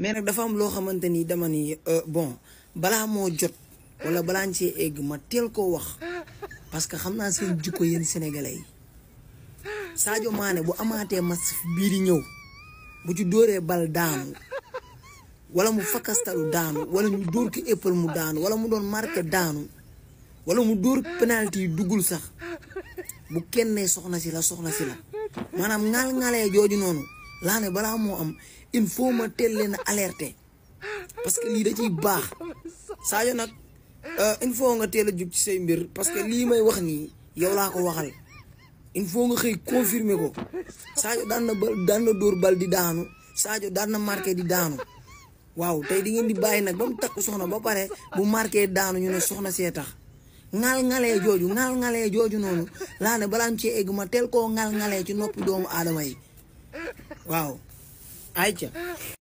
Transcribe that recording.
mais nag dafa am loo xamante ni dama euh, bon balaa moo jot wala balaa ñu see egg ma teel koo wax parce que xam naa seen jikko yéen sénégalais yi Sadio Mané bu amaatee match biir di ñëw bu ci dóoree bal daanu wala mu fakastalu daanu wala ñu dóor ki éppal mu daanu wala mu doon marqué daanu wala mu dóor penalti yi duggul sax bu kenn soxna si la soxna si la maanaam ŋaal-ŋaalee jooju noonu. laa ne balaa moo am il faut ma teel na alerte alerter parce que lii da ciy baax Sadio nag euh, il faut nga teel a jug ci say mbir parce que lii may wax nii yow laa ko waxal il faut nga xëy confirmer ko Sadio daan na bal daan dóor bal di daanu Sadio daan na marqué di daanu waaw tey di ngeen di bàyyi nag ba mu takk soxna ba pare bu marqué daanu ñu ne soxna see tax. ŋal-ŋalee jooju ŋal-ŋalee jooju noonu laa ne balaa mu cee egg ma teel koo ŋal-ŋalee ci noppi doomu aadama yi. waaw ayca